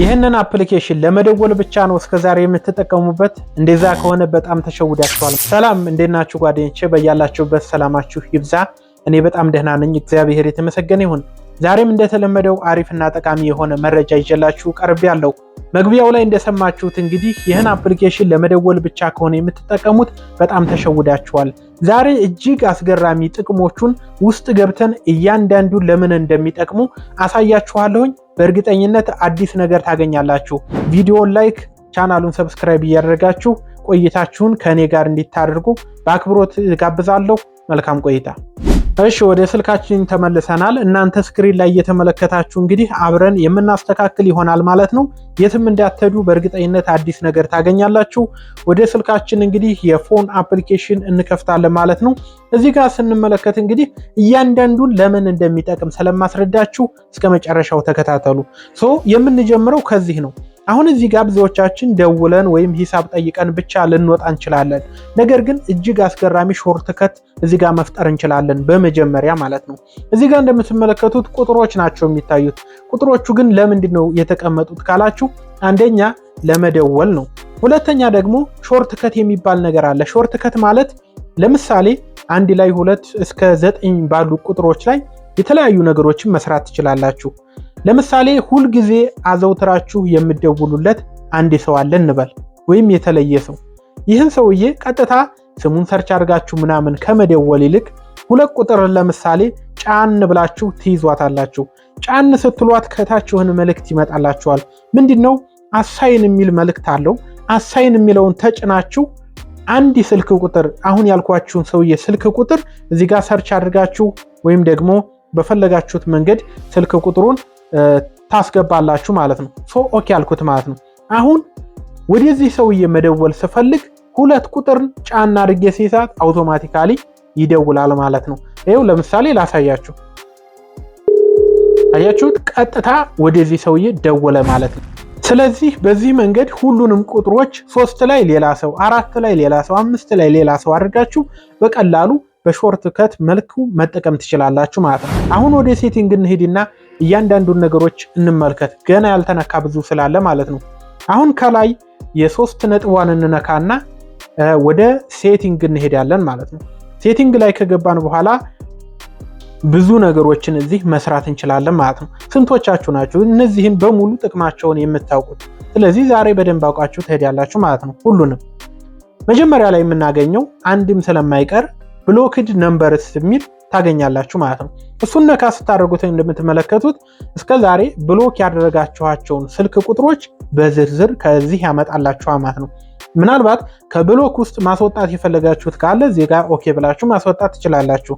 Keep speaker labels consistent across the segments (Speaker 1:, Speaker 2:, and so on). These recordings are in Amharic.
Speaker 1: ይህንን አፕሊኬሽን ለመደወል ብቻ ነው እስከዛሬ የምትጠቀሙበት? እንደዛ ከሆነ በጣም ተሸውዳችኋል። ሰላም እንዴት ናችሁ ጓደኞቼ? በያላችሁበት ሰላማችሁ ይብዛ። እኔ በጣም ደህና ነኝ፣ እግዚአብሔር የተመሰገነ ይሁን። ዛሬም እንደተለመደው አሪፍና ጠቃሚ የሆነ መረጃ ይዤላችሁ ቀርቤያለሁ። መግቢያው ላይ እንደሰማችሁት እንግዲህ ይህን አፕሊኬሽን ለመደወል ብቻ ከሆነ የምትጠቀሙት በጣም ተሸውዳችኋል። ዛሬ እጅግ አስገራሚ ጥቅሞቹን ውስጥ ገብተን እያንዳንዱን ለምን እንደሚጠቅሙ አሳያችኋለሁኝ። በእርግጠኝነት አዲስ ነገር ታገኛላችሁ። ቪዲዮን ላይክ፣ ቻናሉን ሰብስክራይብ እያደረጋችሁ ቆይታችሁን ከእኔ ጋር እንዲታደርጉ በአክብሮት ጋብዛለሁ። መልካም ቆይታ። እሺ ወደ ስልካችን ተመልሰናል። እናንተ ስክሪን ላይ እየተመለከታችሁ እንግዲህ አብረን የምናስተካክል ይሆናል ማለት ነው። የትም እንዳትሄዱ በእርግጠኝነት አዲስ ነገር ታገኛላችሁ። ወደ ስልካችን እንግዲህ የፎን አፕሊኬሽን እንከፍታለን ማለት ነው። እዚህ ጋር ስንመለከት እንግዲህ እያንዳንዱን ለምን እንደሚጠቅም ስለማስረዳችሁ እስከ መጨረሻው ተከታተሉ። ሶ የምንጀምረው ከዚህ ነው። አሁን እዚህ ጋር ብዙዎቻችን ደውለን ወይም ሂሳብ ጠይቀን ብቻ ልንወጣ እንችላለን። ነገር ግን እጅግ አስገራሚ ሾርት ከት እዚህ ጋር መፍጠር እንችላለን። በመጀመሪያ ማለት ነው እዚህ ጋር እንደምትመለከቱት ቁጥሮች ናቸው የሚታዩት። ቁጥሮቹ ግን ለምንድን ነው የተቀመጡት ካላችሁ አንደኛ ለመደወል ነው። ሁለተኛ ደግሞ ሾርት ከት የሚባል ነገር አለ። ሾርት ከት ማለት ለምሳሌ አንድ ላይ ሁለት እስከ ዘጠኝ ባሉ ቁጥሮች ላይ የተለያዩ ነገሮችን መስራት ትችላላችሁ። ለምሳሌ ሁልጊዜ አዘውትራችሁ የምደውሉለት አንድ ሰው አለ እንበል፣ ወይም የተለየ ሰው። ይህን ሰውዬ ቀጥታ ስሙን ሰርች አድርጋችሁ ምናምን ከመደወል ይልቅ ሁለት ቁጥርን ለምሳሌ ጫን ብላችሁ ትይዟታላችሁ። ጫን ስትሏት ከታች የሆነ መልእክት ይመጣላችኋል። ምንድን ነው? አሳይን የሚል መልእክት አለው። አሳይን የሚለውን ተጭናችሁ አንድ ስልክ ቁጥር አሁን ያልኳችሁን ሰውዬ ስልክ ቁጥር እዚህ ጋር ሰርች አድርጋችሁ ወይም ደግሞ በፈለጋችሁት መንገድ ስልክ ቁጥሩን ታስገባላችሁ ማለት ነው። ሶ ኦኬ አልኩት ማለት ነው። አሁን ወደዚህ ሰውዬ መደወል ስፈልግ ሁለት ቁጥርን ጫና አድርጌ ሲሳት አውቶማቲካሊ ይደውላል ማለት ነው። ይኸው ለምሳሌ ላሳያችሁ። አያችሁት? ቀጥታ ወደዚህ ሰውዬ ደወለ ማለት ነው። ስለዚህ በዚህ መንገድ ሁሉንም ቁጥሮች ሶስት ላይ ሌላ ሰው፣ አራት ላይ ሌላ ሰው፣ አምስት ላይ ሌላ ሰው አድርጋችሁ በቀላሉ በሾርት ከት መልኩ መጠቀም ትችላላችሁ ማለት ነው። አሁን ወደ ሴቲንግ እንሄድና እያንዳንዱን ነገሮች እንመልከት። ገና ያልተነካ ብዙ ስላለ ማለት ነው። አሁን ከላይ የሶስት ነጥቧን እንነካና ወደ ሴቲንግ እንሄዳለን ማለት ነው። ሴቲንግ ላይ ከገባን በኋላ ብዙ ነገሮችን እዚህ መስራት እንችላለን ማለት ነው። ስንቶቻችሁ ናችሁ እነዚህን በሙሉ ጥቅማቸውን የምታውቁት? ስለዚህ ዛሬ በደንብ አውቃችሁ ትሄዳላችሁ ማለት ነው። ሁሉንም መጀመሪያ ላይ የምናገኘው አንድም ስለማይቀር ብሎክድ ነምበርስ የሚል ታገኛላችሁ ማለት ነው። እሱን ነካ ስታደርጉት እንደምትመለከቱት እስከ ዛሬ ብሎክ ያደረጋችኋቸውን ስልክ ቁጥሮች በዝርዝር ከዚህ ያመጣላችኋል ማለት ነው። ምናልባት ከብሎክ ውስጥ ማስወጣት የፈለጋችሁት ካለ እዚህ ጋር ኦኬ ብላችሁ ማስወጣት ትችላላችሁ።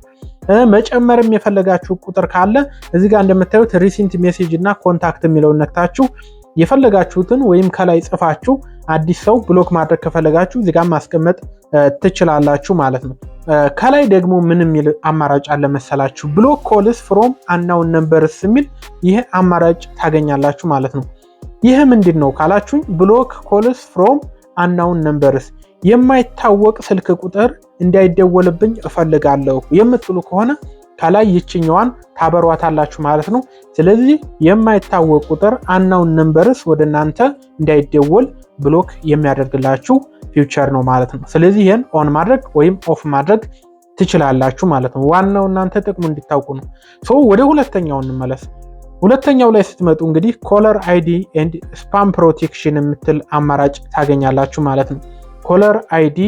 Speaker 1: መጨመርም የፈለጋችሁ ቁጥር ካለ እዚህ ጋር እንደምታዩት ሪሲንት ሜሴጅ እና ኮንታክት የሚለውን ነክታችሁ የፈለጋችሁትን ወይም ከላይ ጽፋችሁ አዲስ ሰው ብሎክ ማድረግ ከፈለጋችሁ እዚህ ጋር ማስቀመጥ ትችላላችሁ ማለት ነው። ከላይ ደግሞ ምን የሚል አማራጭ አለ መሰላችሁ? ብሎክ ኮልስ ፍሮም አናውን ነምበርስ የሚል ይህ አማራጭ ታገኛላችሁ ማለት ነው። ይህ ምንድን ነው ካላችሁኝ፣ ብሎክ ኮልስ ፍሮም አናውን ነምበርስ የማይታወቅ ስልክ ቁጥር እንዳይደወልብኝ እፈልጋለሁ የምትሉ ከሆነ ከላይ ይችኛዋን ታበሯታላችሁ ማለት ነው። ስለዚህ የማይታወቅ ቁጥር አናውን ነምበርስ ወደ እናንተ እንዳይደወል ብሎክ የሚያደርግላችሁ ፊውቸር ነው ማለት ነው። ስለዚህ ይህን ኦን ማድረግ ወይም ኦፍ ማድረግ ትችላላችሁ ማለት ነው። ዋናው እናንተ ጥቅሙ እንዲታውቁ ነው። ሶ ወደ ሁለተኛው እንመለስ። ሁለተኛው ላይ ስትመጡ እንግዲህ ኮለር አይዲ ኤንድ ስፓም ፕሮቴክሽን የምትል አማራጭ ታገኛላችሁ ማለት ነው። ኮለር አይዲ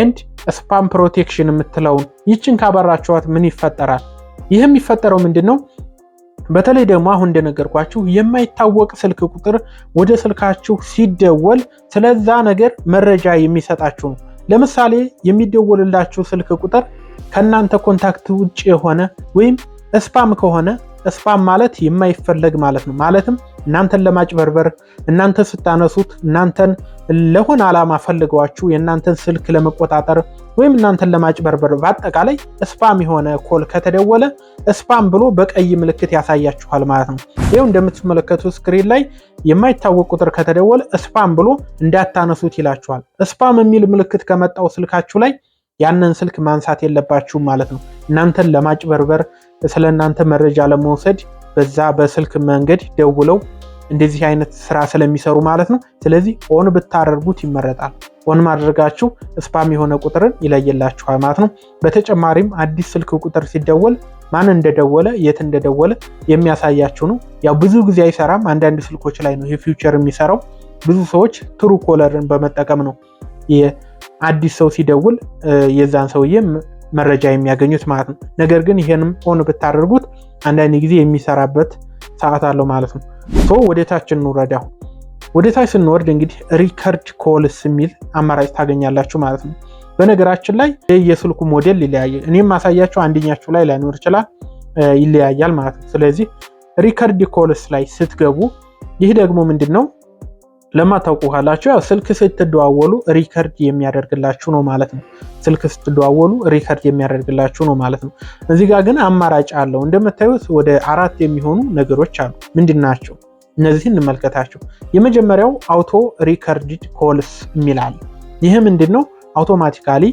Speaker 1: ኤንድ ስፓም ፕሮቴክሽን የምትለውን ይችን ካበራችኋት ምን ይፈጠራል? ይህ የሚፈጠረው ምንድን ነው? በተለይ ደግሞ አሁን እንደነገርኳችሁ የማይታወቅ ስልክ ቁጥር ወደ ስልካችሁ ሲደወል ስለዛ ነገር መረጃ የሚሰጣችሁ ነው። ለምሳሌ የሚደወልላችሁ ስልክ ቁጥር ከእናንተ ኮንታክት ውጭ የሆነ ወይም ስፓም ከሆነ ስፓም ማለት የማይፈለግ ማለት ነው። ማለትም እናንተን ለማጭበርበር እናንተ ስታነሱት እናንተን ለሆነ ዓላማ ፈልገዋችሁ የእናንተን ስልክ ለመቆጣጠር ወይም እናንተን ለማጭበርበር በአጠቃላይ ስፓም የሆነ ኮል ከተደወለ ስፓም ብሎ በቀይ ምልክት ያሳያችኋል ማለት ነው። ይኸው እንደምትመለከቱ ስክሪን ላይ የማይታወቅ ቁጥር ከተደወለ ስፓም ብሎ እንዳታነሱት ይላችኋል። ስፓም የሚል ምልክት ከመጣው ስልካችሁ ላይ ያንን ስልክ ማንሳት የለባችሁም ማለት ነው። እናንተን ለማጭበርበር ስለ እናንተ መረጃ ለመውሰድ በዛ በስልክ መንገድ ደውለው እንደዚህ አይነት ስራ ስለሚሰሩ ማለት ነው። ስለዚህ ኦን ብታደርጉት ይመረጣል። ኦን ማድረጋችሁ ስፓም የሆነ ቁጥርን ይለየላችኋል ማለት ነው። በተጨማሪም አዲስ ስልክ ቁጥር ሲደወል ማን እንደደወለ የት እንደደወለ የሚያሳያችሁ ነው። ያው ብዙ ጊዜ አይሰራም። አንዳንድ ስልኮች ላይ ነው ይህ የሚሰራው። ብዙ ሰዎች ትሩ ኮለርን በመጠቀም ነው አዲስ ሰው ሲደውል የዛን ሰውዬ መረጃ የሚያገኙት ማለት ነው። ነገር ግን ይህንም ኦን ብታደርጉት አንዳንድ ጊዜ የሚሰራበት ሰዓት አለው ማለት ነው። ሶ ወደታች እንውረድ። አሁን ወደታች ስንወርድ እንግዲህ ሪከርድ ኮልስ የሚል አማራጭ ታገኛላችሁ ማለት ነው። በነገራችን ላይ የስልኩ ሞዴል ይለያያል። እኔም ማሳያቸው አንደኛችሁ ላይ ላይኖር ይችላል፣ ይለያያል ማለት ነው። ስለዚህ ሪከርድ ኮልስ ላይ ስትገቡ ይህ ደግሞ ምንድን ነው ለማታውቁ ካላችሁ ያው ስልክ ስትደዋወሉ ሪከርድ የሚያደርግላችሁ ነው ማለት ነው። ስልክ ስትደዋወሉ ሪከርድ የሚያደርግላችሁ ነው ማለት ነው። እዚህ ጋር ግን አማራጭ አለው። እንደምታዩት ወደ አራት የሚሆኑ ነገሮች አሉ። ምንድን ናቸው እነዚህ? እንመልከታቸው። የመጀመሪያው አውቶ ሪከርድድ ኮልስ የሚላል ይህ ምንድን ነው? አውቶማቲካሊ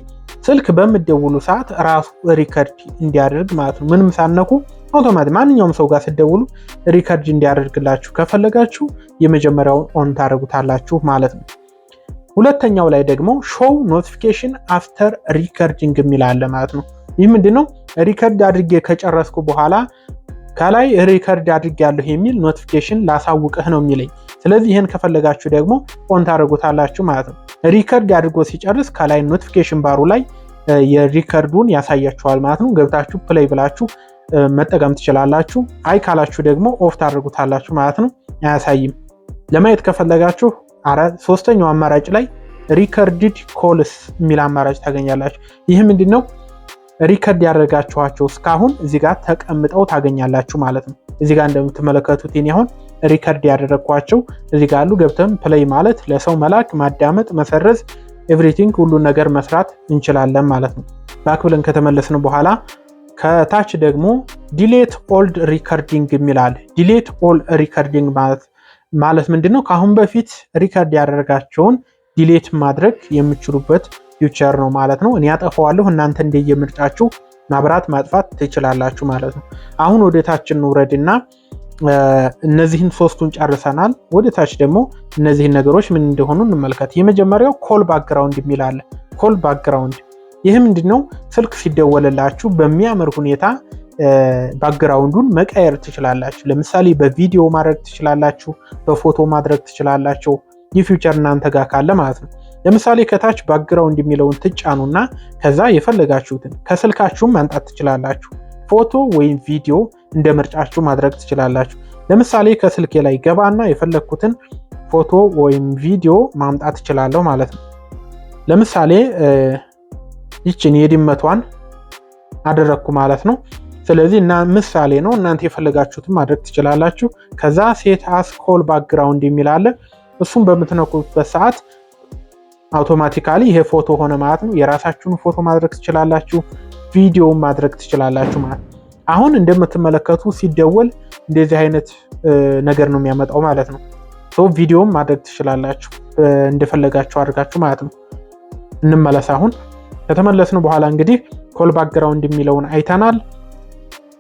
Speaker 1: ስልክ በምደውሉ ሰዓት ራሱ ሪከርድ እንዲያደርግ ማለት ነው። ምንም ሳነኩ አውቶማት ማንኛውም ሰው ጋር ስደውሉ ሪከርድ እንዲያደርግላችሁ ከፈለጋችሁ የመጀመሪያው ኦን ታደርጉታላችሁ ማለት ነው። ሁለተኛው ላይ ደግሞ ሾው ኖቲፊኬሽን አፍተር ሪከርዲንግ የሚላለ ማለት ነው። ይህ ምንድን ነው? ሪከርድ አድርጌ ከጨረስኩ በኋላ ከላይ ሪከርድ ያለሁ የሚል ኖቲፊኬሽን ላሳውቅህ ነው የሚለኝ። ስለዚህ ይህን ከፈለጋችሁ ደግሞ ኦን ታደርጉታላችሁ ማለት ነው። ሪከርድ አድርጎ ሲጨርስ ከላይ ኖቲፊኬሽን ባሩ ላይ የሪከርዱን ያሳያችኋል ማለት ነው። ገብታችሁ ፕሌይ ብላችሁ መጠቀም ትችላላችሁ። አይ ካላችሁ ደግሞ ኦፍ ታደርጉታላችሁ ማለት ነው፣ አያሳይም። ለማየት ከፈለጋችሁ ሶስተኛው አማራጭ ላይ ሪከርድድ ኮልስ የሚል አማራጭ ታገኛላችሁ። ይህ ምንድን ነው? ሪከርድ ያደረጋችኋቸው እስካሁን እዚህ ጋር ተቀምጠው ታገኛላችሁ ማለት ነው። እዚህ ጋር እንደምትመለከቱት ኔ አሁን ሪከርድ ያደረግኳቸው እዚህ ጋር አሉ። ገብተን ፕሌይ ማለት ለሰው መላክ፣ ማዳመጥ፣ መሰረዝ ኤቭሪቲንግ ሁሉን ነገር መስራት እንችላለን ማለት ነው። ባክ ብለን ከተመለስን በኋላ ከታች ደግሞ ዲሌት ኦልድ ሪከርዲንግ የሚላል። ዲሌት ኦል ሪከርዲንግ ማለት ማለት ምንድን ነው? ከአሁን በፊት ሪከርድ ያደረጋቸውን ዲሌት ማድረግ የምችሉበት ፊውቸር ነው ማለት ነው። እኔ ያጠፋዋለሁ፣ እናንተ እንደየምርጫችሁ ማብራት ማጥፋት ትችላላችሁ ማለት ነው። አሁን ወደ ታች እንውረድ እና እነዚህን ሶስቱን ጨርሰናል። ወደ ታች ደግሞ እነዚህን ነገሮች ምን እንደሆኑ እንመልከት። የመጀመሪያው ኮል ባክግራውንድ የሚላለ ኮል ባክግራውንድ ይህ ምንድን ነው? ስልክ ሲደወልላችሁ በሚያምር ሁኔታ ባክግራውንዱን መቀየር ትችላላችሁ። ለምሳሌ በቪዲዮ ማድረግ ትችላላችሁ፣ በፎቶ ማድረግ ትችላላችሁ። ይህ ፊውቸር እናንተ ጋር ካለ ማለት ነው። ለምሳሌ ከታች ባክግራውንድ የሚለውን ትጫኑና ከዛ የፈለጋችሁትን ከስልካችሁም ማምጣት ትችላላችሁ። ፎቶ ወይም ቪዲዮ እንደ ምርጫችሁ ማድረግ ትችላላችሁ። ለምሳሌ ከስልኬ ላይ ገባና የፈለግኩትን ፎቶ ወይም ቪዲዮ ማምጣት እችላለሁ ማለት ነው። ለምሳሌ ይችን የድመቷን አደረግኩ ማለት ነው። ስለዚህ እና ምሳሌ ነው። እናንተ የፈለጋችሁትን ማድረግ ትችላላችሁ። ከዛ ሴት አስኮል ባክግራውንድ የሚል አለ። እሱም በምትነኩበት ሰዓት አውቶማቲካሊ ይሄ ፎቶ ሆነ ማለት ነው። የራሳችሁን ፎቶ ማድረግ ትችላላችሁ፣ ቪዲዮ ማድረግ ትችላላችሁ ማለት ነው። አሁን እንደምትመለከቱ ሲደወል እንደዚህ አይነት ነገር ነው የሚያመጣው ማለት ነው። ቪዲዮም ማድረግ ትችላላችሁ እንደፈለጋችሁ አድርጋችሁ ማለት ነው። እንመለስ አሁን ከተመለስን በኋላ እንግዲህ ኮል ባክግራውንድ የሚለውን አይተናል።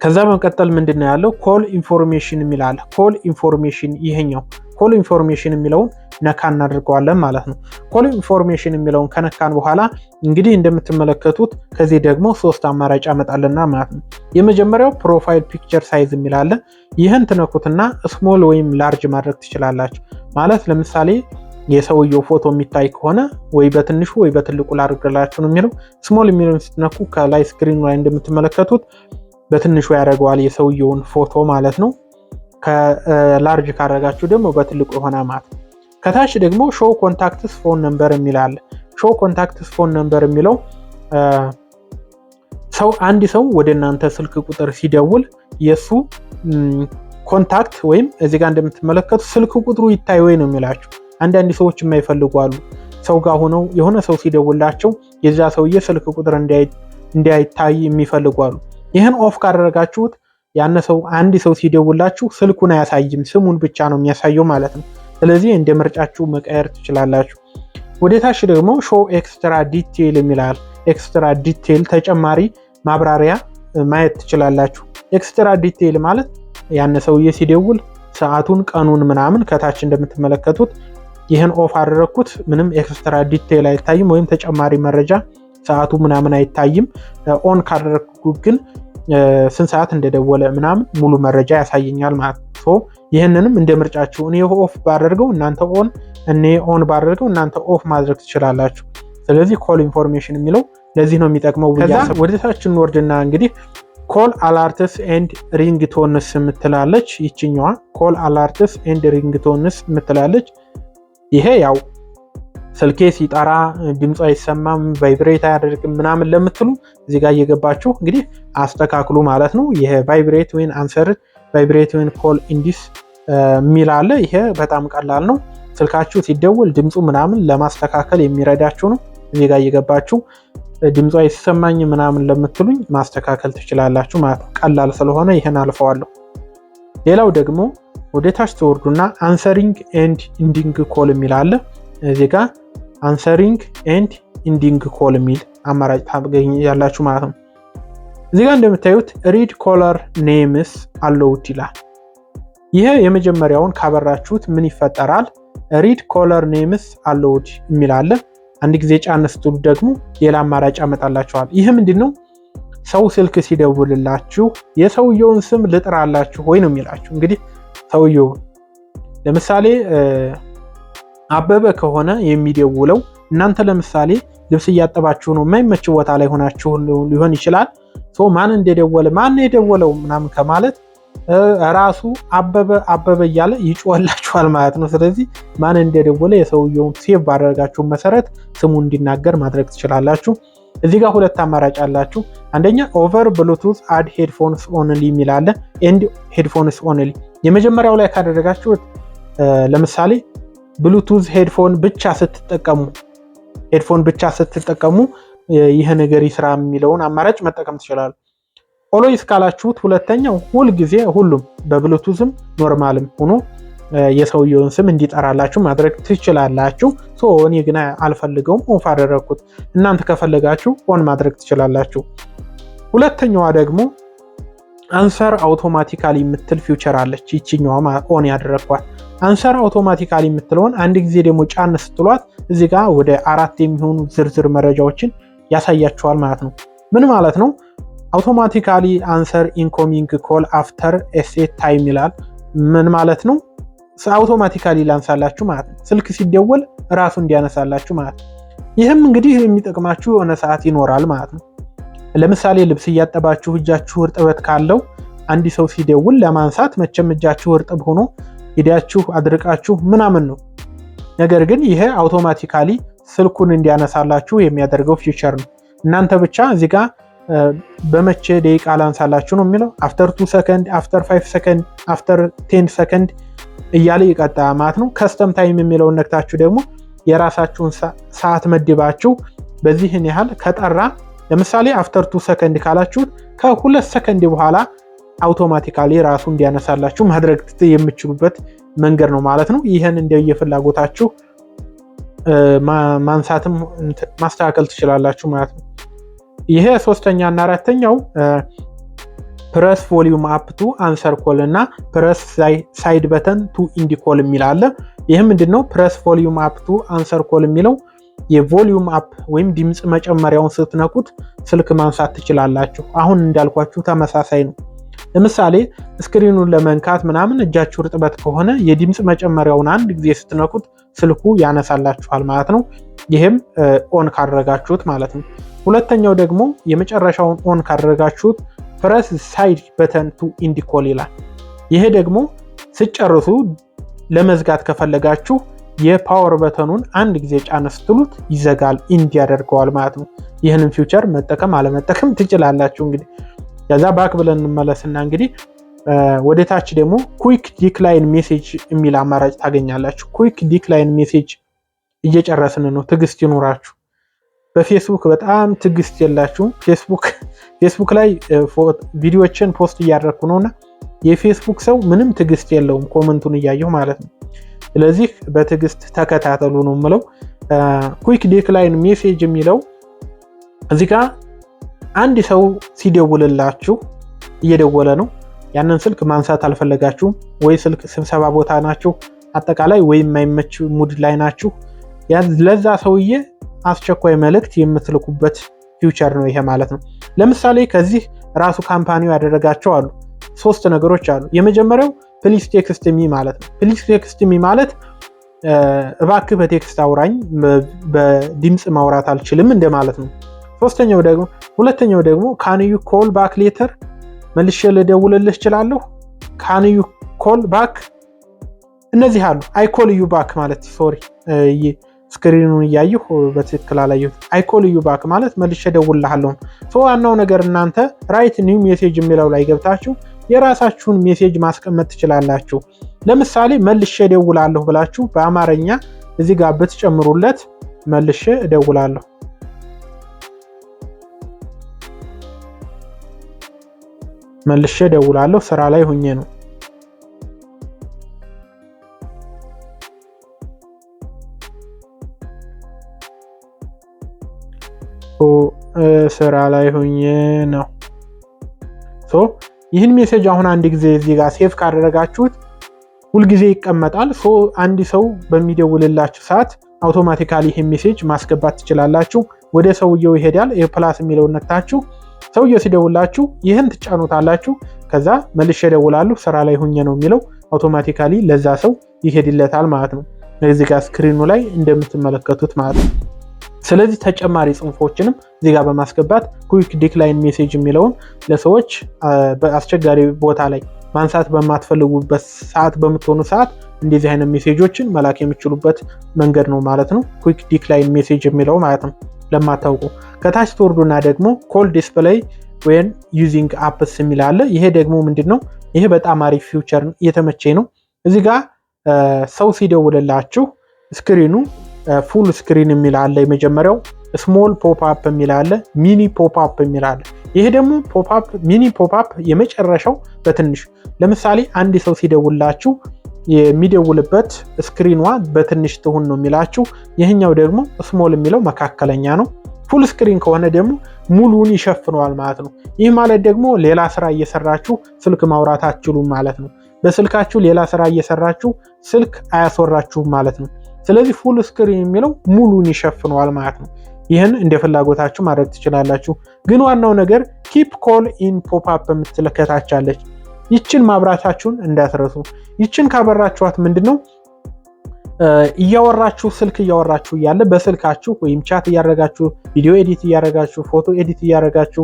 Speaker 1: ከዛ በመቀጠል ምንድን ነው ያለው? ኮል ኢንፎርሜሽን የሚላል። ኮል ኢንፎርሜሽን ይሄኛው ኮል ኢንፎርሜሽን የሚለውን ነካ እናደርገዋለን ማለት ነው። ኮል ኢንፎርሜሽን የሚለውን ከነካን በኋላ እንግዲህ እንደምትመለከቱት ከዚህ ደግሞ ሶስት አማራጭ ያመጣልና ማለት ነው። የመጀመሪያው ፕሮፋይል ፒክቸር ሳይዝ የሚላለ ይህን ትነኩትና ስሞል ወይም ላርጅ ማድረግ ትችላላችሁ። ማለት ለምሳሌ የሰውየው ፎቶ የሚታይ ከሆነ ወይ በትንሹ ወይ በትልቁ ላድርግላችሁ ነው የሚለው። ስሞል የሚለውን ስትነኩ ከላይ ስክሪኑ ላይ እንደምትመለከቱት በትንሹ ያደርገዋል የሰውየውን ፎቶ ማለት ነው። ከላርጅ ካረጋችሁ ደግሞ በትልቁ የሆነ ማት። ከታች ደግሞ ሾው ኮንታክትስ ፎን ነምበር የሚላለ። ሾው ኮንታክትስ ፎን ነምበር የሚለው ሰው አንድ ሰው ወደ እናንተ ስልክ ቁጥር ሲደውል የእሱ ኮንታክት ወይም እዚጋ እንደምትመለከቱ ስልክ ቁጥሩ ይታይ ወይ ነው የሚላችሁ አንዳንድ ሰዎች የማይፈልጉ አሉ። ሰው ጋር ሆነው የሆነ ሰው ሲደውላቸው የዛ ሰውዬ ስልክ ቁጥር እንዳይታይ የሚፈልጉ አሉ። ይህን ኦፍ ካደረጋችሁት ያነ ሰው አንድ ሰው ሲደውላችሁ ስልኩን አያሳይም፣ ስሙን ብቻ ነው የሚያሳየው ማለት ነው። ስለዚህ እንደ ምርጫችሁ መቀየር ትችላላችሁ። ወደ ታች ደግሞ ሾ ኤክስትራ ዲቴይል የሚላል ኤክስትራ ዲቴይል ተጨማሪ ማብራሪያ ማየት ትችላላችሁ። ኤክስትራ ዲቴይል ማለት ያን ሰውዬ ሲደውል ሰዓቱን፣ ቀኑን ምናምን ከታች እንደምትመለከቱት ይህን ኦፍ አደረግኩት። ምንም ኤክስትራ ዲቴይል አይታይም ወይም ተጨማሪ መረጃ ሰዓቱ ምናምን አይታይም። ኦን ካደረግኩ ግን ስንት ሰዓት እንደደወለ ምናምን ሙሉ መረጃ ያሳየኛል ማለት ነው። ይህንንም እንደ ምርጫችሁ እኔ ኦፍ ባደርገው እናንተ ኦን፣ እኔ ኦን ባደርገው እናንተ ኦፍ ማድረግ ትችላላችሁ። ስለዚህ ኮል ኢንፎርሜሽን የሚለው ለዚህ ነው የሚጠቅመው። ከዛ ወደታችን ወርድና እንግዲህ ኮል አላርትስ ኤንድ ሪንግቶንስ የምትላለች ይችኛዋ ኮል አላርትስ ኤንድ ሪንግቶንስ የምትላለች ይሄ ያው ስልኬ ሲጠራ ድምፅ አይሰማም፣ ቫይብሬት አያደርግም ምናምን ለምትሉ እዚህ ጋር እየገባችሁ እንግዲህ አስተካክሉ ማለት ነው። ይሄ ቫይብሬት ወይን አንሰር ቫይብሬት ወይን ኮል ኢንዲስ የሚል አለ። ይሄ በጣም ቀላል ነው። ስልካችሁ ሲደወል ድምፁ ምናምን ለማስተካከል የሚረዳችሁ ነው። እዚህ ጋር እየገባችሁ ድምፁ አይሰማኝ ምናምን ለምትሉኝ ማስተካከል ትችላላችሁ ማለት ነው። ቀላል ስለሆነ ይህን አልፈዋለሁ። ሌላው ደግሞ ወደ ታች ትወርዱና አንሰሪንግ ኤንድ ኢንዲንግ ኮል የሚል አለ። እዚህ ጋር አንሰሪንግ ኤንድ ኢንዲንግ ኮል የሚል አማራጭ ታገኛላችሁ ማለት ነው። እዚህ ጋር እንደምታዩት ሪድ ኮለር ኔምስ አለውድ ይላል። ይሄ የመጀመሪያውን ካበራችሁት ምን ይፈጠራል? ሪድ ኮለር ኔምስ አለውድ የሚል አለ። አንድ ጊዜ ጫን ስትሉ ደግሞ ሌላ አማራጭ አመጣላችኋል። ይህ ምንድን ነው? ሰው ስልክ ሲደውልላችሁ የሰውየውን ስም ልጥራላችሁ ወይ ነው የሚላችሁ። እንግዲህ ሰውየው ለምሳሌ አበበ ከሆነ የሚደውለው እናንተ ለምሳሌ ልብስ እያጠባችሁ ነው፣ የማይመች ቦታ ላይ ሆናችሁ ሊሆን ይችላል። ማን እንደደወለ ማን የደወለው ምናምን ከማለት ራሱ አበበ አበበ እያለ ይጮላችኋል ማለት ነው። ስለዚህ ማን እንደደወለ የሰውየውን ሴቭ ባደረጋችሁ መሰረት ስሙ እንዲናገር ማድረግ ትችላላችሁ። እዚህ ጋር ሁለት አማራጭ አላችሁ። አንደኛ ኦቨር ብሉቱዝ አድ ሄድፎንስ ኦንሊ የሚል አለ፣ ኤንድ ሄድፎንስ ኦንሊ። የመጀመሪያው ላይ ካደረጋችሁት ለምሳሌ ብሉቱዝ ሄድፎን ብቻ ስትጠቀሙ ሄድፎን ብቻ ስትጠቀሙ ይህ ነገር ይስራ የሚለውን አማራጭ መጠቀም ትችላሉ። ኦሎይስ ካላችሁት ሁለተኛው ሁልጊዜ ሁሉም በብሉቱዝም ኖርማልም ሆኖ የሰውየውን ስም እንዲጠራላችሁ ማድረግ ትችላላችሁ። እኔ ግን አልፈልገውም ኦፍ አደረግኩት። እናንተ ከፈለጋችሁ ኦን ማድረግ ትችላላችሁ። ሁለተኛዋ ደግሞ አንሰር አውቶማቲካሊ የምትል ፊውቸር አለች። ይችኛዋ ኦን ያደረግኳት አንሰር አውቶማቲካሊ የምትለውን አንድ ጊዜ ደግሞ ጫን ስትሏት እዚህ ጋ ወደ አራት የሚሆኑ ዝርዝር መረጃዎችን ያሳያችኋል ማለት ነው። ምን ማለት ነው? አውቶማቲካሊ አንሰር ኢንኮሚንግ ኮል አፍተር ኤሴት ታይም ይላል። ምን ማለት ነው? አውቶማቲካሊ ላንሳላችሁ ማለት ነው። ስልክ ሲደወል ራሱ እንዲያነሳላችሁ ማለት ነው። ይህም እንግዲህ የሚጠቅማችሁ የሆነ ሰዓት ይኖራል ማለት ነው። ለምሳሌ ልብስ እያጠባችሁ እጃችሁ እርጥበት ካለው አንድ ሰው ሲደውል ለማንሳት መቼም እጃችሁ እርጥብ ሆኖ ሂዳችሁ አድርቃችሁ ምናምን ነው። ነገር ግን ይሄ አውቶማቲካሊ ስልኩን እንዲያነሳላችሁ የሚያደርገው ፊውቸር ነው። እናንተ ብቻ እዚህ ጋ በመቼ ደቂቃ ላንሳላችሁ ነው የሚለው አፍተር ቱ ሰከንድ፣ አፍተር ፋይቭ ሰከንድ፣ አፍተር ቴን ሰከንድ እያለ ይቀጥላል ማለት ነው። ከስተም ታይም የሚለውን ነክታችሁ ደግሞ የራሳችሁን ሰዓት መድባችሁ በዚህን ያህል ከጠራ ለምሳሌ አፍተር ቱ ሰከንድ ካላችሁት ከሁለት ሰከንድ በኋላ አውቶማቲካሊ ራሱ እንዲያነሳላችሁ ማድረግ የምችሉበት መንገድ ነው ማለት ነው። ይህን የፍላጎታችሁ ማንሳትም ማስተካከል ትችላላችሁ ማለት ነው። ይሄ ሶስተኛ እና አራተኛው ፕረስ ቮሊዩም አፕ ቱ አንሰር ኮል እና ፕረስ ሳይድ በተን ቱ ኢንዲኮል የሚል አለ። ይህም ምንድነው? ፕረስ ቮሊዩም አፕ ቱ አንሰር ኮል የሚለው የቮሊዩም አፕ ወይም ድምፅ መጨመሪያውን ስትነኩት ስልክ ማንሳት ትችላላችሁ። አሁን እንዳልኳችሁ ተመሳሳይ ነው። ለምሳሌ ስክሪኑን ለመንካት ምናምን እጃችሁ እርጥበት ከሆነ የድምፅ መጨመሪያውን አንድ ጊዜ ስትነኩት ስልኩ ያነሳላችኋል ማለት ነው። ይህም ኦን ካደረጋችሁት ማለት ነው። ሁለተኛው ደግሞ የመጨረሻውን ኦን ካደረጋችሁት ፕረስ ሳይድ በተን ቱ ኢንዲኮል ይላል። ይሄ ደግሞ ስጨርሱ ለመዝጋት ከፈለጋችሁ የፓወር በተኑን አንድ ጊዜ ጫን ስትሉት ይዘጋል፣ ኢንድ ያደርገዋል ማለት ነው። ይህንም ፊውቸር መጠቀም አለመጠቀም ትችላላችሁ። እንግዲህ ከዛ ባክ ብለን እንመለስና እንግዲህ ወደታች ደግሞ ኩዊክ ዲክላይን ሜሴጅ የሚል አማራጭ ታገኛላችሁ። ኩዊክ ዲክላይን ሜሴጅ እየጨረስን ነው። ትግስት ይኑራችሁ። በፌስቡክ በጣም ትዕግስት የላችሁም። ፌስቡክ ፌስቡክ ላይ ቪዲዮዎችን ፖስት እያደረግኩ ነው።እና የፌስቡክ ሰው ምንም ትዕግስት የለውም ኮመንቱን እያየሁ ማለት ነው። ስለዚህ በትዕግስት ተከታተሉ ነው የምለው። ኩዊክ ዲክላይን ሜሴጅ የሚለው እዚህ ጋ አንድ ሰው ሲደውልላችሁ እየደወለ ነው፣ ያንን ስልክ ማንሳት አልፈለጋችሁም፣ ወይ ስልክ ስብሰባ ቦታ ናችሁ፣ አጠቃላይ ወይ የማይመች ሙድ ላይ ናችሁ፣ ለዛ ሰውዬ አስቸኳይ መልእክት የምትልኩበት ፊውቸር ነው ይሄ ማለት ነው። ለምሳሌ ከዚህ ራሱ ካምፓኒው ያደረጋቸው አሉ ሶስት ነገሮች አሉ። የመጀመሪያው ፕሊስ ቴክስት ሚ ማለት ነው። ፕሊስ ቴክስት ሚ ማለት እባክህ በቴክስት አውራኝ፣ በድምፅ ማውራት አልችልም እንደማለት ነው። ሶስተኛው ደግሞ ሁለተኛው ደግሞ ካንዩ ኮል ባክ ሌተር መልሼ ልደውልልህ እችላለሁ፣ ካንዩ ኮል ባክ እነዚህ አሉ። አይኮልዩ ባክ ማለት ሶሪ ስክሪኑን እያየሁ በትክክል አላየሁት። አይኮል ዩ ባክ ማለት መልሼ ደውልልሃለሁ። ዋናው ነገር እናንተ ራይት ኒው ሜሴጅ የሚለው ላይ ገብታችሁ የራሳችሁን ሜሴጅ ማስቀመጥ ትችላላችሁ። ለምሳሌ መልሼ እደውላለሁ ብላችሁ በአማርኛ እዚህ ጋር ብትጨምሩለት መልሼ እደውላለሁ መልሼ እደውላለሁ ስራ ላይ ሁኜ ነው። ስራ ላይ ሆኜ ነው። ሶ ይህን ሜሴጅ አሁን አንድ ጊዜ እዚህ ጋር ሴፍ ካደረጋችሁት ሁልጊዜ ይቀመጣል። ሶ አንድ ሰው በሚደውልላችሁ ሰዓት አውቶማቲካሊ ይህን ሜሴጅ ማስገባት ትችላላችሁ። ወደ ሰውየው ይሄዳል። ፕላስ የሚለውን ነክታችሁ ሰውየው ሲደውላችሁ ይህን ትጫኑታላችሁ። ከዛ መልሼ እደውላለሁ ስራ ላይ ሁኜ ነው የሚለው አውቶማቲካሊ ለዛ ሰው ይሄድለታል ማለት ነው። እዚህ ጋር ስክሪኑ ላይ እንደምትመለከቱት ማለት ነው። ስለዚህ ተጨማሪ ጽንፎችንም ዜጋ በማስገባት ኩዊክ ዲክላይን ሜሴጅ የሚለውን ለሰዎች በአስቸጋሪ ቦታ ላይ ማንሳት በማትፈልጉበት ሰዓት በምትሆኑ ሰዓት እንደዚህ አይነት ሜሴጆችን መላክ የሚችሉበት መንገድ ነው ማለት ነው። ኩዊክ ዲክላይን ሜሴጅ የሚለው ማለት ነው። ለማታውቁ ከታች ትወርዱና ደግሞ ኮል ዲስፕሌይ ወይም ዩዚንግ አፕስ የሚል አለ። ይሄ ደግሞ ምንድን ነው? ይሄ በጣም አሪፍ ፊውቸር እየተመቼ ነው። እዚህ ጋር ሰው ሲደውልላችሁ ስክሪኑ ፉል ስክሪን የሚል አለ። የመጀመሪያው ስሞል ፖፕአፕ የሚል አለ፣ ሚኒ ፖፕአፕ የሚል አለ። ይሄ ደግሞ ፖፕአፕ ሚኒ ፖፕአፕ የመጨረሻው በትንሽ ለምሳሌ አንድ ሰው ሲደውላችሁ የሚደውልበት ስክሪንዋ በትንሽ ትሁን ነው የሚላችሁ። ይህኛው ደግሞ ስሞል የሚለው መካከለኛ ነው። ፉል ስክሪን ከሆነ ደግሞ ሙሉን ይሸፍነዋል ማለት ነው። ይህ ማለት ደግሞ ሌላ ስራ እየሰራችሁ ስልክ ማውራት አትችሉም ማለት ነው። በስልካችሁ ሌላ ስራ እየሰራችሁ ስልክ አያስወራችሁም ማለት ነው። ስለዚህ ፉል ስክሪን የሚለው ሙሉን ይሸፍነዋል ማለት ነው። ይህን እንደ ፍላጎታችሁ ማድረግ ትችላላችሁ። ግን ዋናው ነገር ኪፕ ኮል ኢን ፖፕአፕ የምትለከታቻለች ይችን ማብራታችሁን እንዳትረሱ። ይችን ካበራችኋት ምንድን ነው እያወራችሁ ስልክ እያወራችሁ እያለ በስልካችሁ ወይም ቻት እያደረጋችሁ ቪዲዮ ኤዲት እያደረጋችሁ ፎቶ ኤዲት እያደረጋችሁ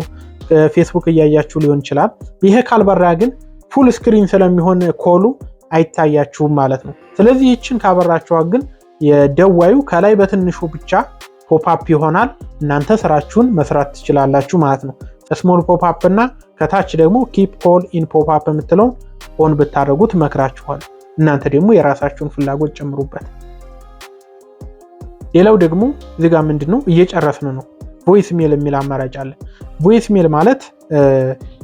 Speaker 1: ፌስቡክ እያያችሁ ሊሆን ይችላል። ይሄ ካልበራ ግን ፉል ስክሪን ስለሚሆን ኮሉ አይታያችሁም ማለት ነው። ስለዚህ ይችን ካበራችኋት ግን የደዋዩ ከላይ በትንሹ ብቻ ፖፓፕ ይሆናል። እናንተ ስራችሁን መስራት ትችላላችሁ ማለት ነው። ስሞል ፖፓፕ እና ከታች ደግሞ ኪፕ ኮል ኢን ፖፓፕ የምትለውን ኦን ብታደርጉት መክራችኋል። እናንተ ደግሞ የራሳችሁን ፍላጎት ጨምሩበት። ሌላው ደግሞ እዚጋ ምንድነው ምንድን ነው እየጨረስን ነው። ቮይስ ሜል የሚል አማራጭ አለ። ቮይስ ሜል ማለት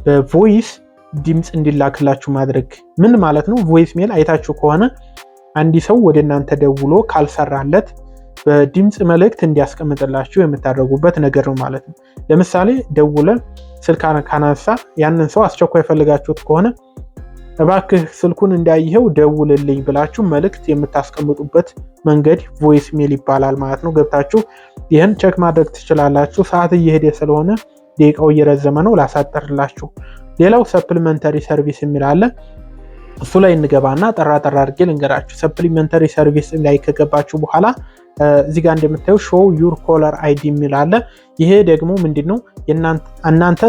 Speaker 1: በቮይስ ድምፅ እንዲላክላችሁ ማድረግ ምን ማለት ነው? ቮይስ ሜል አይታችሁ ከሆነ አንድ ሰው ወደ እናንተ ደውሎ ካልሰራለት በድምፅ መልእክት እንዲያስቀምጥላችሁ የምታደርጉበት ነገር ነው ማለት ነው። ለምሳሌ ደውለን ስልክ ካነሳ ያንን ሰው አስቸኳይ ፈልጋችሁት ከሆነ እባክህ ስልኩን እንዳይኸው ደውልልኝ ብላችሁ መልእክት የምታስቀምጡበት መንገድ ቮይስ ሜል ይባላል ማለት ነው። ገብታችሁ ይህን ቸክ ማድረግ ትችላላችሁ። ሰዓት እየሄደ ስለሆነ ደቂቃው እየረዘመ ነው፣ ላሳጠርላችሁ። ሌላው ሰፕልመንተሪ ሰርቪስ የሚል አለ። እሱ ላይ እንገባና ጠራ ጠራ አድርጌ ልንገራችሁ። ሰፕሊመንተሪ ሰርቪስ ላይ ከገባችሁ በኋላ እዚህ ጋር እንደምታዩ ሾው ዩር ኮለር አይዲ የሚል አለ። ይሄ ደግሞ ምንድን ነው? እናንተ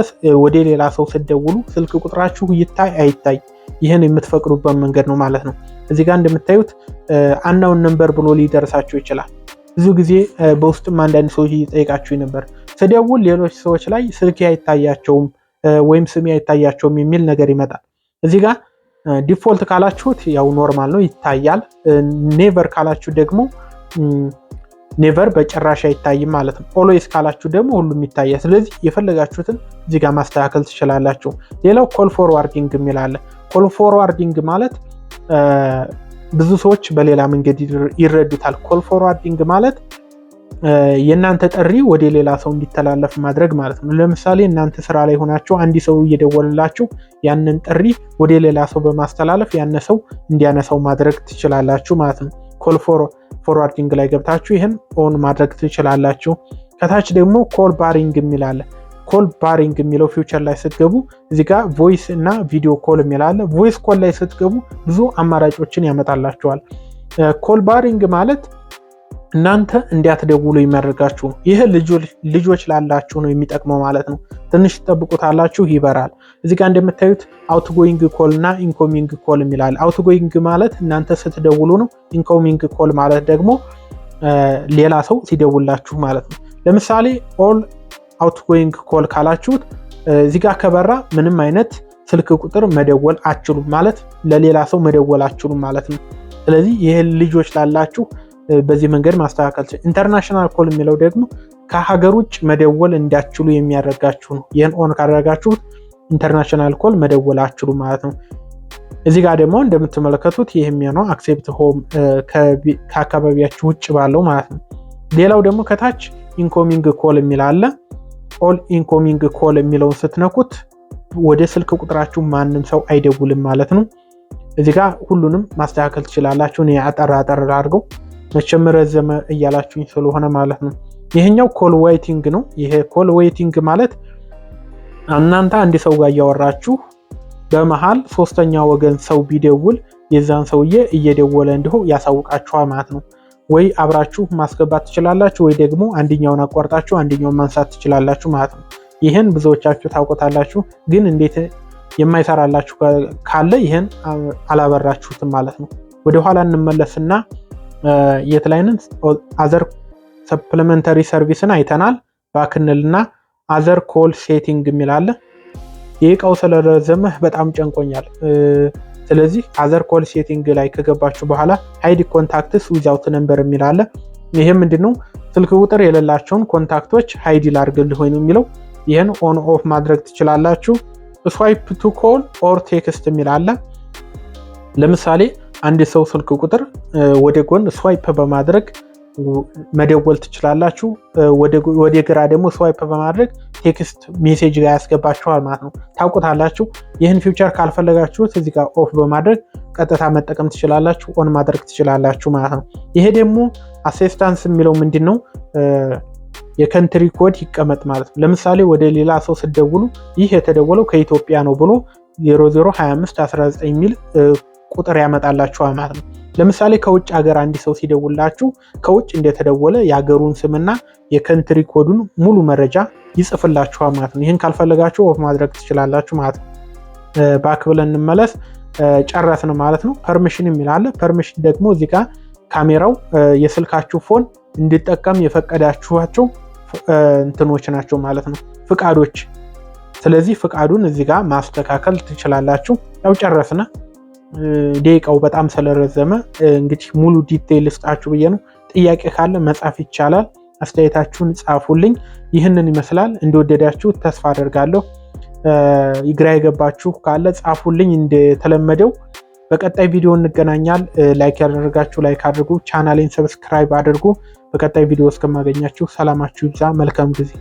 Speaker 1: ወደ ሌላ ሰው ስደውሉ ስልክ ቁጥራችሁ ይታይ አይታይ፣ ይህን የምትፈቅዱበት መንገድ ነው ማለት ነው። እዚህ ጋር እንደምታዩት አናውን ነንበር ብሎ ሊደርሳችሁ ይችላል። ብዙ ጊዜ በውስጥም አንዳንድ ሰዎች እየጠየቃችሁ ነበር፣ ስደውል ሌሎች ሰዎች ላይ ስልክ አይታያቸውም ወይም ስሜ አይታያቸውም የሚል ነገር ይመጣል እዚህ ጋር ዲፎልት ካላችሁት ያው ኖርማል ነው ይታያል። ኔቨር ካላችሁ ደግሞ ኔቨር በጭራሽ አይታይም ማለት ነው። ኦሎይስ ካላችሁ ደግሞ ሁሉም ይታያል። ስለዚህ የፈለጋችሁትን እዚህ ጋር ማስተካከል ትችላላችሁ። ሌላው ኮል ፎርዋርዲንግ የሚላለ ኮል ፎርዋርዲንግ ማለት ብዙ ሰዎች በሌላ መንገድ ይረዱታል። ኮል ፎርዋርዲንግ ማለት የእናንተ ጥሪ ወደ ሌላ ሰው እንዲተላለፍ ማድረግ ማለት ነው። ለምሳሌ እናንተ ስራ ላይ ሆናችሁ አንድ ሰው እየደወልላችሁ ያንን ጥሪ ወደ ሌላ ሰው በማስተላለፍ ያነ ሰው እንዲያነሳው ማድረግ ትችላላችሁ ማለት ነው። ኮል ፎርዋርዲንግ ላይ ገብታችሁ ይህን ኦን ማድረግ ትችላላችሁ። ከታች ደግሞ ኮል ባሪንግ የሚላለ ኮል ባሪንግ የሚለው ፊውቸር ላይ ስትገቡ እዚህ ጋር ቮይስ እና ቪዲዮ ኮል የሚላለ ቮይስ ኮል ላይ ስትገቡ ብዙ አማራጮችን ያመጣላችኋል። ኮል ባሪንግ ማለት እናንተ እንዲያትደውሉ የሚያደርጋችሁ ይህ ልጆች ላላችሁ ነው የሚጠቅመው ማለት ነው። ትንሽ ትጠብቁታላችሁ፣ ይበራል። እዚህ ጋር እንደምታዩት አውትጎይንግ ኮል እና ኢንኮሚንግ ኮል የሚላል። አውትጎይንግ ማለት እናንተ ስትደውሉ ነው። ኢንኮሚንግ ኮል ማለት ደግሞ ሌላ ሰው ሲደውላችሁ ማለት ነው። ለምሳሌ ኦል አውትጎይንግ ኮል ካላችሁት እዚህ ጋር ከበራ ምንም አይነት ስልክ ቁጥር መደወል አችሉም ማለት ለሌላ ሰው መደወል አችሉም ማለት ነው። ስለዚህ ይህ ልጆች ላላችሁ በዚህ መንገድ ማስተካከል ኢንተርናሽናል ኮል የሚለው ደግሞ ከሀገር ውጭ መደወል እንዲያችሉ የሚያደርጋችሁ ነው። ይህን ኦን ካደረጋችሁት ኢንተርናሽናል ኮል መደወል አችሉ ማለት ነው። እዚህ ጋር ደግሞ እንደምትመለከቱት ይህ የሚሆነው አክሴፕት ሆም ከአካባቢያችሁ ውጭ ባለው ማለት ነው። ሌላው ደግሞ ከታች ኢንኮሚንግ ኮል የሚል አለ። ኦል ኢንኮሚንግ ኮል የሚለውን ስትነኩት ወደ ስልክ ቁጥራችሁ ማንም ሰው አይደውልም ማለት ነው። እዚህ ጋር ሁሉንም ማስተካከል ትችላላችሁ። አጠር አጠር አድርገው መቼም ረዘመ እያላችሁኝ ስለሆነ ማለት ነው። ይሄኛው ኮል ዌይቲንግ ነው። ይሄ ኮል ዌይቲንግ ማለት እናንተ አንድ ሰው ጋር እያወራችሁ በመሃል ሶስተኛ ወገን ሰው ቢደውል የዛን ሰውዬ እየደወለ እንዲሁ ያሳውቃችኋል ማለት ነው። ወይ አብራችሁ ማስገባት ትችላላችሁ፣ ወይ ደግሞ አንደኛውን አቋርጣችሁ አንደኛውን ማንሳት ትችላላችሁ ማለት ነው። ይህን ብዙዎቻችሁ ታውቆታላችሁ፣ ግን እንዴት የማይሰራላችሁ ካለ ይህን አላበራችሁትም ማለት ነው። ወደኋላ እንመለስና የት ላይ ነን? አዘር ሰፕሊመንተሪ ሰርቪስን አይተናል። ባክንልና አዘር ኮል ሴቲንግ የሚላለ ቀው ስለረዘመ በጣም ጨንቆኛል። ስለዚህ አዘር ኮል ሴቲንግ ላይ ከገባችሁ በኋላ ሃይድ ኮንታክትስ ዊዛውት ነንበር የሚላለ ይህም ምንድነው? ስልክ ቁጥር የሌላቸውን ኮንታክቶች ሃይድ ላድርግልህ ወይ ነው የሚለው። ይህን ኦን ኦፍ ማድረግ ትችላላችሁ። ስዋይፕ ቱ ኮል ኦር ቴክስት የሚላለ ለምሳሌ አንድ ሰው ስልክ ቁጥር ወደ ጎን ስዋይፕ በማድረግ መደወል ትችላላችሁ። ወደ ግራ ደግሞ ስዋይፕ በማድረግ ቴክስት ሜሴጅ ጋር ያስገባችኋል ማለት ነው። ታውቁታላችሁ። ይህን ፊውቸር ካልፈለጋችሁት እዚህ ጋር ኦፍ በማድረግ ቀጥታ መጠቀም ትችላላችሁ፣ ኦን ማድረግ ትችላላችሁ ማለት ነው። ይሄ ደግሞ አሴስታንስ የሚለው ምንድን ነው? የከንትሪ ኮድ ይቀመጥ ማለት ነው። ለምሳሌ ወደ ሌላ ሰው ስደውሉ ይህ የተደወለው ከኢትዮጵያ ነው ብሎ 002519 የሚል ቁጥር ያመጣላችሁ ማለት ነው። ለምሳሌ ከውጭ ሀገር አንድ ሰው ሲደውላችሁ ከውጭ እንደተደወለ የሀገሩን ስምና የከንትሪ ኮዱን ሙሉ መረጃ ይጽፍላችኋል ማለት ነው። ይህን ካልፈለጋችሁ ኦፍ ማድረግ ትችላላችሁ ማለት ነው። ባክ ብለን እንመለስ። ጨረስን ማለት ነው። ፐርሚሽን የሚላለ ፐርሚሽን ደግሞ እዚህ ጋር ካሜራው የስልካችሁ ፎን እንዲጠቀም የፈቀዳችኋቸው እንትኖች ናቸው ማለት ነው፣ ፍቃዶች። ስለዚህ ፍቃዱን እዚህ ጋር ማስተካከል ትችላላችሁ። ያው ጨረስን። ደቂቃው በጣም ስለረዘመ እንግዲህ ሙሉ ዲቴይል ልስጣችሁ ብዬ ነው። ጥያቄ ካለ መጻፍ ይቻላል። አስተያየታችሁን ጻፉልኝ። ይህንን ይመስላል። እንደወደዳችሁ ተስፋ አደርጋለሁ። ግራ የገባችሁ ካለ ጻፉልኝ። እንደተለመደው በቀጣይ ቪዲዮ እንገናኛል። ላይክ ያደረጋችሁ ላይክ አድርጉ። ቻናሌን ሰብስክራይብ አድርጉ። በቀጣይ ቪዲዮ እስከማገኛችሁ ሰላማችሁ ይብዛ። መልካም ጊዜ